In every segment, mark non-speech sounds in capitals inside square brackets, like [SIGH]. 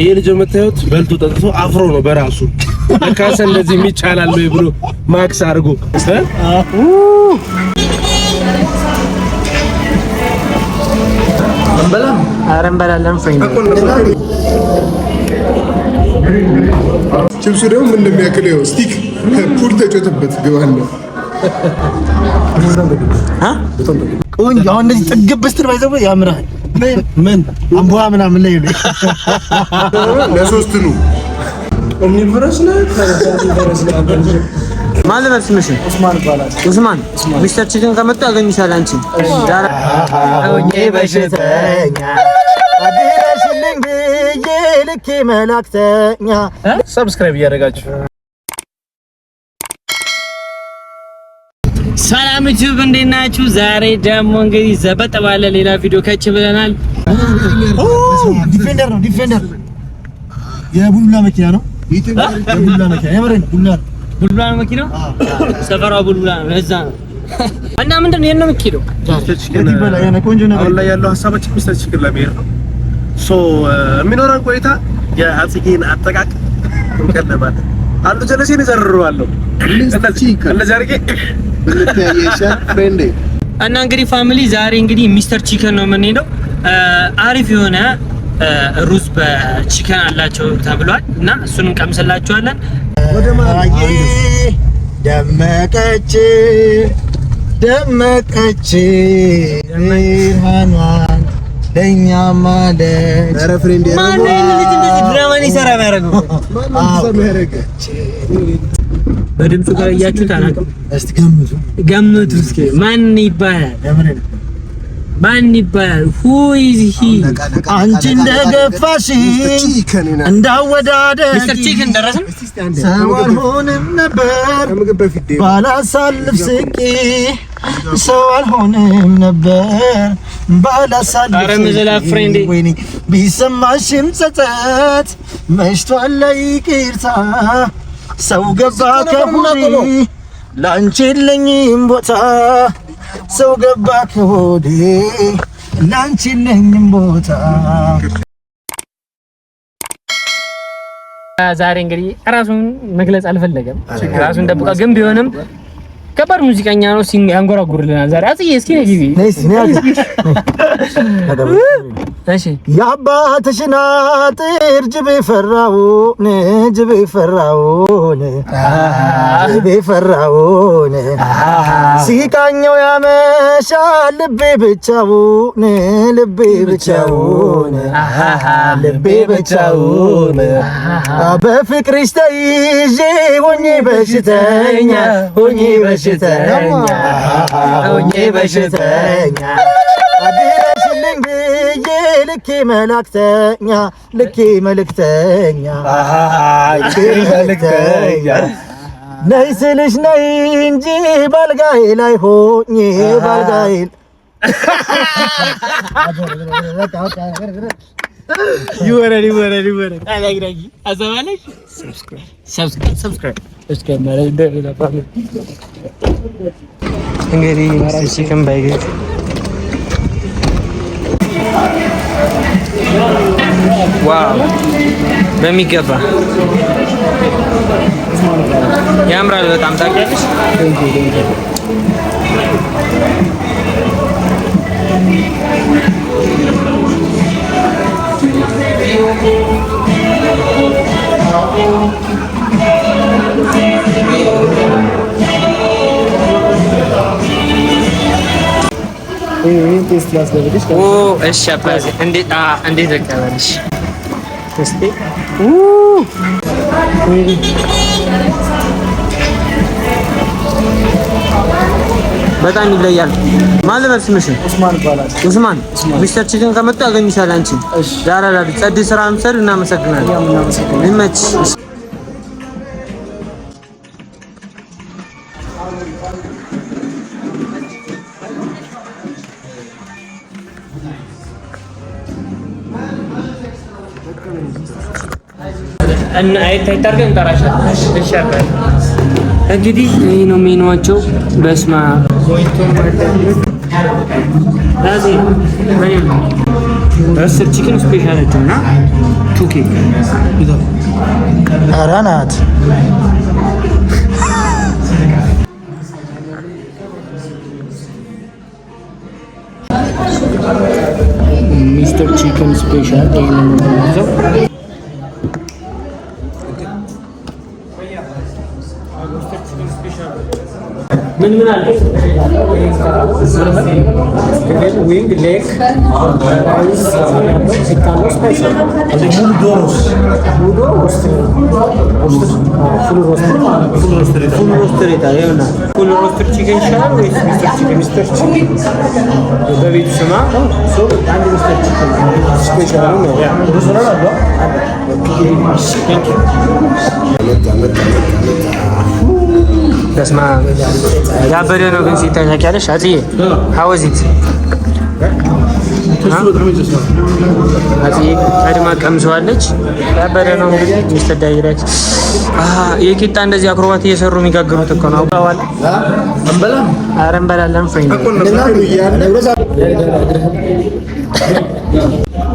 ይሄ ልጅ የምታዩት በልቶ ጠጥቶ አፍሮ ነው በራሱ ለካሰ እንደዚህ የሚቻላል ወይ ብሎ ማክስ አድርጎ ኧረ ችብሱ ደግሞ ምን እንደሚያክል ያው ስቲክ ፑድ ተጮተበት ግባለ ቆንጆ አሁን እንደዚህ ጥግብ ስትል ባይዘው ያምራል። ምን አምቧ ምናምን ላይ ለሶስት ነው ማን ልበልሽ? ምሽን ኡስማን ይባላል። ኡስማን ሚስተር ቺክን ከመጣ አገኝሻለሁ። አንቺ ዳራውኝ በሽተኛ አድረሽልኝ ብዬ ልኬ መላክተኛ ሰብስክራይብ እያደረጋችሁ ሰላም ዩቲዩብ እንዴት ናችሁ? ዛሬ ደግሞ እንግዲህ ዘበጥ ባለ ሌላ ቪዲዮ ከች ብለናል። ዲፌንደር ነው ዲፌንደር የቡላ መኪና ነው። የቡላ መኪና የመረን ቡላ ቡላ መኪና ሰፈሯ ቡላ ነው። እዛ ነው እና ምንድን ነው የነ መኪና አሁን ላይ ያለው ሀሳባችን ሚስተር ችግር ለመሄድ ነው። ሶ የሚኖረን ቆይታ የአጽጌን አጠቃቅ እንቀለማለን። አንዱ ጀለሴን ይዘርረዋለሁ እንደዚህ አድርጌ እና እንግዲህ ፋሚሊ ዛሬ እንግዲህ ሚስተር ቺከን ነው የምንሄደው። አሪፍ የሆነ ሩዝ በቺከን አላቸው ተብሏል እና እሱን እንቀምስላችኋለን። ደመቀች ደመቀች ሃኗን ለእኛ ልጅ እንደዚህ ድራማን ይሰራ በድምፁ ካያችሁት አላውቅም። እስቲ ገምቱ እስኪ ማን ይባላል? ማን ይባላል? ሁ ኢዝ ሂ? አንቺ እንደገፋሽ እንዳወዳደ ሚስተር ቺክን ነበር ባላሳልፍ ስቄ ሰው አልሆንም ነበር ባላሳልፍ ወይኔ ቢሰማሽም ጸጸት መሽቷል ላይ ቅርታ ሰው ገባ ከሆዴ ላንቺ የለኝም ቦታ ሰው ገባ ከሆዴ ላንቺ የለኝም ቦታ። ዛሬ እንግዲህ ራሱን መግለጽ አልፈለገም። ራሱን ደብቃ ግን ቢሆንም ከባድ ሙዚቀኛ ነው። ሲንግ ያንጎራጉርልናል ዛሬ አጽዬ፣ እስኪ ነይ ግቢ። እሺ የአባትሽን አጥር ጅብ ፈራው ጅብ ፈራው ጅብ ፈራው ሲቃኘው ያመሻ ልቤ ብቻው ልቤ ብቻው ልቤ ብቻው በፍቅርሽ ተይዤ ሆኜ በሽተኛ ሆኜ በሽ በሽተኛ ሆኜ በሽተኛ አድረሽልኝ ብዬ ልኬ መላክተኛ ልኬ መልክተኛ መልክተኛ ነይ ስልሽ ነይ እንጂ ባልጋዬ ላይ ሆኜ ባልጋዬ Gimana nih, gimana nih, gimana nih? Ada lagi lagi. Asal mana sih? Subscribe. Subscribe. Subscribe. Subscribe. Subscribe. Mereka udah pamit. Tenggeri, sisi kembali. Kan, Terima Wow, bem que apa? E amra do tam tá aqui? Thank you, thank you. Oh, it's Shepard. And it, uh, and a challenge. Testing. Ooh! በጣም ይለያል። ማን ልበል ስምሽን? ኡስማን ይባላል። ኡስማን ሚስተር ቺክን ከመጣ ያገኝሻል። አንቺ ዛራ ላ ጸድ ስራ ምሰድ። እናመሰግናለን። ይመች እንግዲህ ይህ ነው ሜኗቸው። በስማ አስር ቺክን ስፔሻሊቲ እና ቱ ኬክ ሚስተር ቺክን ስፔሻል ይዘው ምን ምን አለ? ዊንግ ሌግ ፉል ሮስተር ቺክን ይሻላል ወይስ ሚስተር ቺክን? በቤቱ ስማ አንድ ሚስተር ቺክን ስፔሻል ነው። ያ በስማ ያበደ ነው ግን ሲታይ ታውቂያለሽ። አጥዬ ሀወዚት አጥዬ ቀድማ ቀምሰዋለች። ያበደ ነው እንግዲህ ሚስተር ዳይራክ የቂጣ እንደዚህ አክሮባት እየሰሩ የሚጋግሩት እኮ ነው። አረ እንበላለን።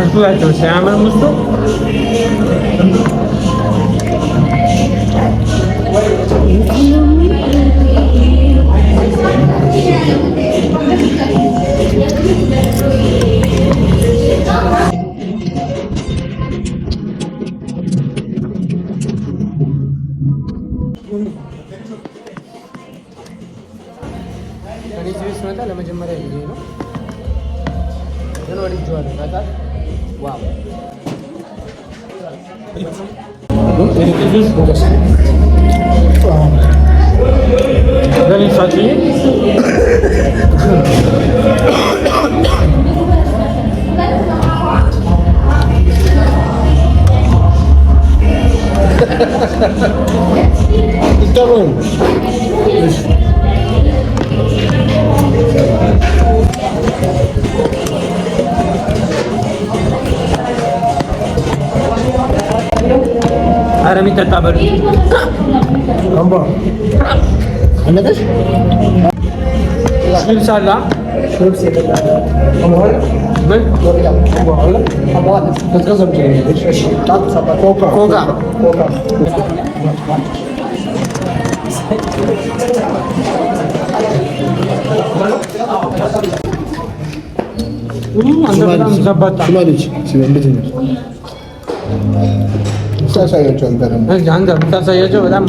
আসগুলা চলছে আমার বুঝতো Thank you. vamos com você. Pronto. Dá linfadinha. então vamos. Harami Tatabarı. Amba. Anladın? Şunu sarla. Şunu sarla. Ama ben Korea. Ama hala. Ama das kazım ki. Tat sabah. Koka. Koka. Koka. Şuna iç. Şuna iç. Şuna iç. አሳያቸው። አንተ በጣም እንደዚህ በጣም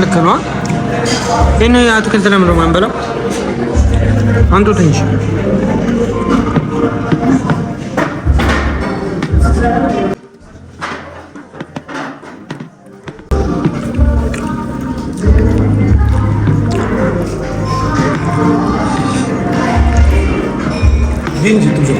ልክ ነው። ይህን አትክልት ለምን ነው የማንበላው? አንዱ ትንሽ ቢንጅ ብዙ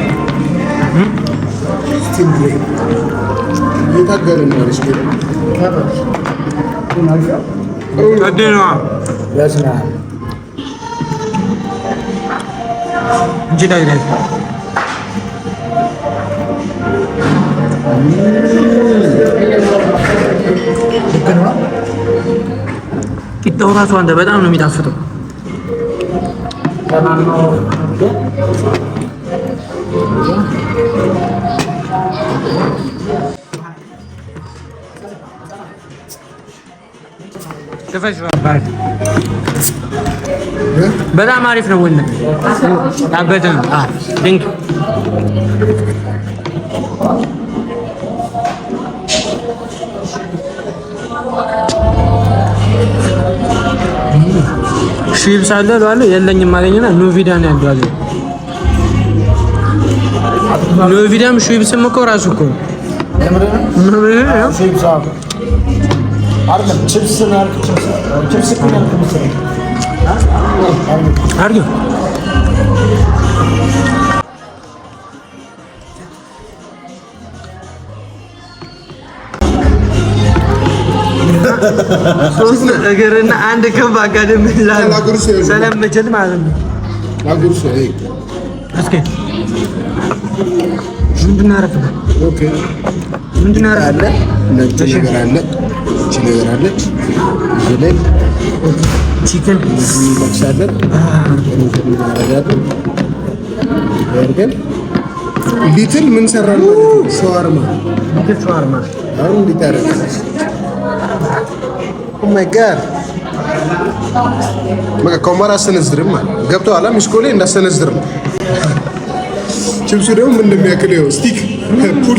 ቂጣው ራሱ አንተ በጣም ነው የሚጣፍጠው። በጣም አሪፍ ነው። ወንድም፣ አበደ ነው። ድንቅ ሺፕስ አለ አሉ የለኝም አለኝና ኖቪዳ ነው ያለው አለ። ኖቪዳም እኮ ራሱ እኮ Artık çıpsın artık çıpsın. Çıpsın kıyam kımsın. Her gün. Sos negeri anda kebaga di Milan. Selam mecalim alam. Lagur şey. Aske. Şunu dinle arafına. Okay. Şunu dinle arafına. Ne? Ne? Ne? የምትለብሰው ነገር አለች። ቺክን ሊትል ምን ሰራን? ሸዋርማ ሸዋርማ አሁን እንዴት ጋድ በቃ አለ አላ ሚስኮሌ ነው። ችብሱ ደግሞ ምን እንደሚያክል ስቲክ ፑል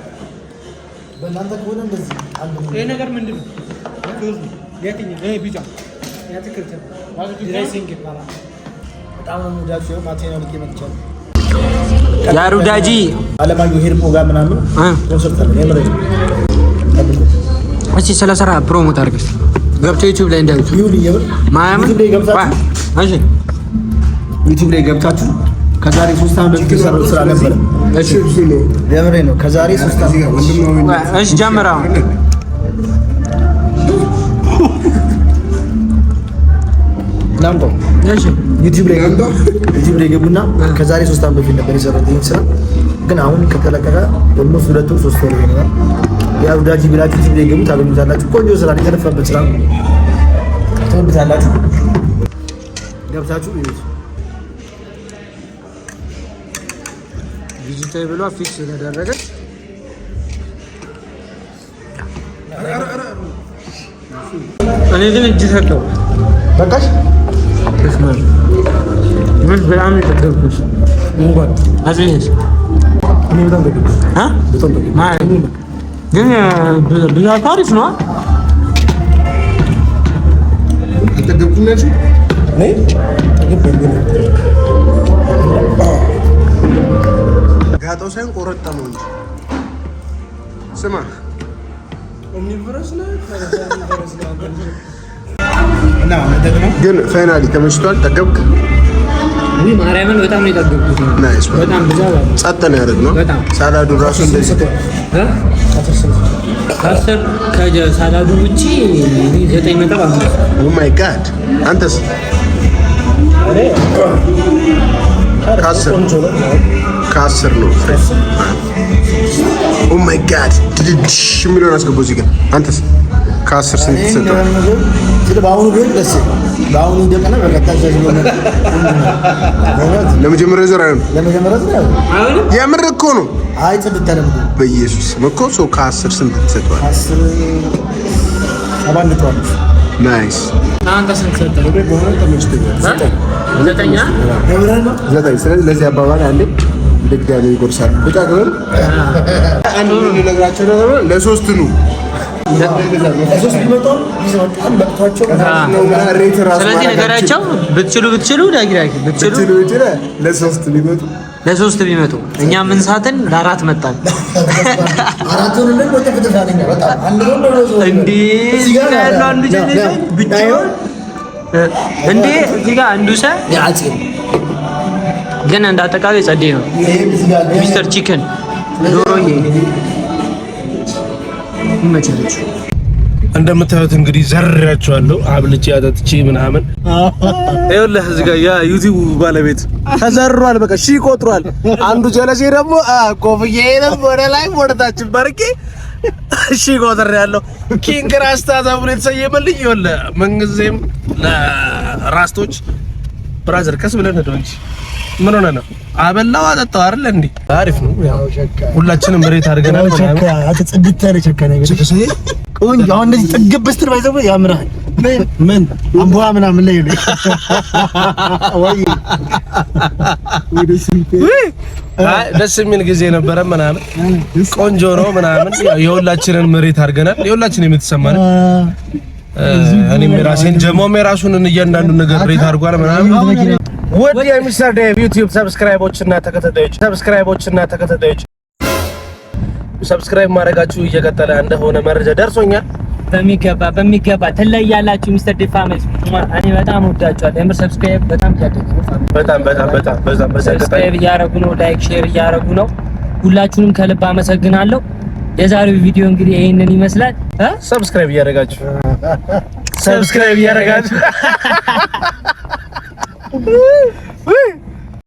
በእናንተ ከሆነ እንደዚህ ይሄ ነገር ምንድን ነው? የትኛው? ይሄ ቢጫ ያሩዳጂ አለማየሁ ሄርሞ ጋር ምናምን እስኪ ስለ ስራ ፕሮሞት አድርገሽ ገብቶ ዩቲዩብ ላይ እንዳዩት ማያምን ዩቲዩብ ላይ ገብታችሁ ከዛሬ ሶስት ዓመት በፊት የሰራው ስራ ነበር። እሺ የምሬ ነው። ከዛሬ ሶስት ዓመት እሺ፣ ጀምረው ላምጦ እሺ፣ ዩቲዩብ ላይ ገቡ። ዩቲዩብ ላይ ገቡና ከዛሬ ሶስት ዓመት በፊት ነበር የሰራው ይሄን ስራ። ግን አሁን ከተለቀቀ ኦልሞስት ሁለት ሶስት ወር ይሆናል። ያው ዳጂ ብላችሁ ዩቲዩብ ላይ ገቡ ታገኙታላችሁ። ቆንጆ ስራ ነው የተለፋበት ስራ፣ ነው። ትወዱታላችሁ። ገብታችሁ ይዩት። ዲጂታል ብሏ ፊክስ የተደረገች እኔ ግን እጅ ሰጠው በቃሽ። ምን በጣም ይጠቀምኩት እንኳን አዝልሽ ግን ብዛቱ አሪፍ ነው። አልጠገብኩም ሳይሆን ቆረጣ ነው እንጂ። ስማ ግን ፋይናሊ ተመችቷል። ጠገብክ? በጣም ነው በጣም ጸጥ ነው ያደረግነው። ሳላዱ ራሱ እንደዚህ ከአስር ከሳላዱ ውጪ ዘጠኝ ነጥብ አምስት ኦ ማይ ጋድ አንተስ? ከአስር ነው። ኦ ማይ ጋድ ድድድሽ የሚለውን አስገባው እዚህ ግን አንተስ ከአስር ስንት ተሰጠው? በአሁኑ ግን ደስ በአሁኑ ደቀና ለመጀመሪያ ዘር አይሆን የምር እኮ ነው። አይ ጽድት ተለምዶ በኢየሱስ እኮ ሰው ከአስር ስንት ናይስ ዘጠኝ ዘጠኝ። ስለዚህ ለዚህ አባባል አንዴ ድጋሚ ይጎርሳል ብቻ አንድ ልነግራቸው ነገር ለሶስት ነው ስለዚህ ነገራቸው ብትችሉ ብትችሉ ዳጊዳጊ ለሶስት ቢመጡ ለሶስት ቢመጡ እኛ ምን ሰዓትን ለአራት መጣን። እንዲህ ያለው አንዱ ብቻ እንዴ እዚህ ጋር አንዱ ሰ ግን እንደ አጠቃላይ ጸዴ ነው። ሚስተር ቺክን ዶሮዬ እንደምታዩት እንግዲህ ዘሬያቸዋለሁ አብልጬ አጠጥቼ ምናምን። ይኸውልህ እዚህ ጋር ያ ዩቲዩብ ባለቤት ተዘሯል፣ በቃ ሺህ ቆጥሯል። አንዱ ጀለሴ ደግሞ ኮፍዬ ወደ ላይ ወደ ታች እሺ ጎደር ያለው ኪንግ ራስታ ተብሎ የተሰየመልኝ ይወለ ምንጊዜም ለራስቶች ብራዘር ቀስ ብለን ነው እንጂ ምን ሆነ ነው አበላው አጠጣው አይደል እንዴ? አሪፍ ነው። ያው ሁላችንም ምሬት አድርገናል። ቸካ አተ ጽድት ያለ ነገር ቸካ ቆንጆ። አሁን እንደዚህ ጥግብ ስትል ባይዘው ያምራል። ምን አምቧ ምናምን ላይ ነው ወይ? ደስ የሚል ጊዜ ነበረ ምናምን ቆንጆ ነው ምናምን የሁላችንን መሬት አድርገናል። የሁላችን የምትሰማን እኔም የራሴን ጀሞም የራሱን እያንዳንዱ ነገር ሬት አድርጓል ምናምን። ውድ የሚስተር ዴቭ ዩቲዩብ ሰብስክራይቦች እና ተከታታዮች ሰብስክራይቦች እና ተከታታዮች ሰብስክራይብ ማድረጋችሁ እየቀጠለ እንደሆነ መረጃ ደርሶኛል። በሚገባ በሚገባ ትለያላችሁ። ሚስተር ዴ ፋሚሊ እኔ በጣም ወዳችኋለሁ። የምር ሰብስክራይብ በጣም እያደገ ነው። በጣም በጣም በጣም በጣም ሰብስክራይብ እያረጉ ነው። ላይክ ሼር እያረጉ ነው። ሁላችሁንም ከልብ አመሰግናለሁ። የዛሬው ቪዲዮ እንግዲህ ይሄንን ይመስላል። ሰብስክራይብ እያረጋችሁ ሰብስክራይብ እያረጋችሁ [LAUGHS]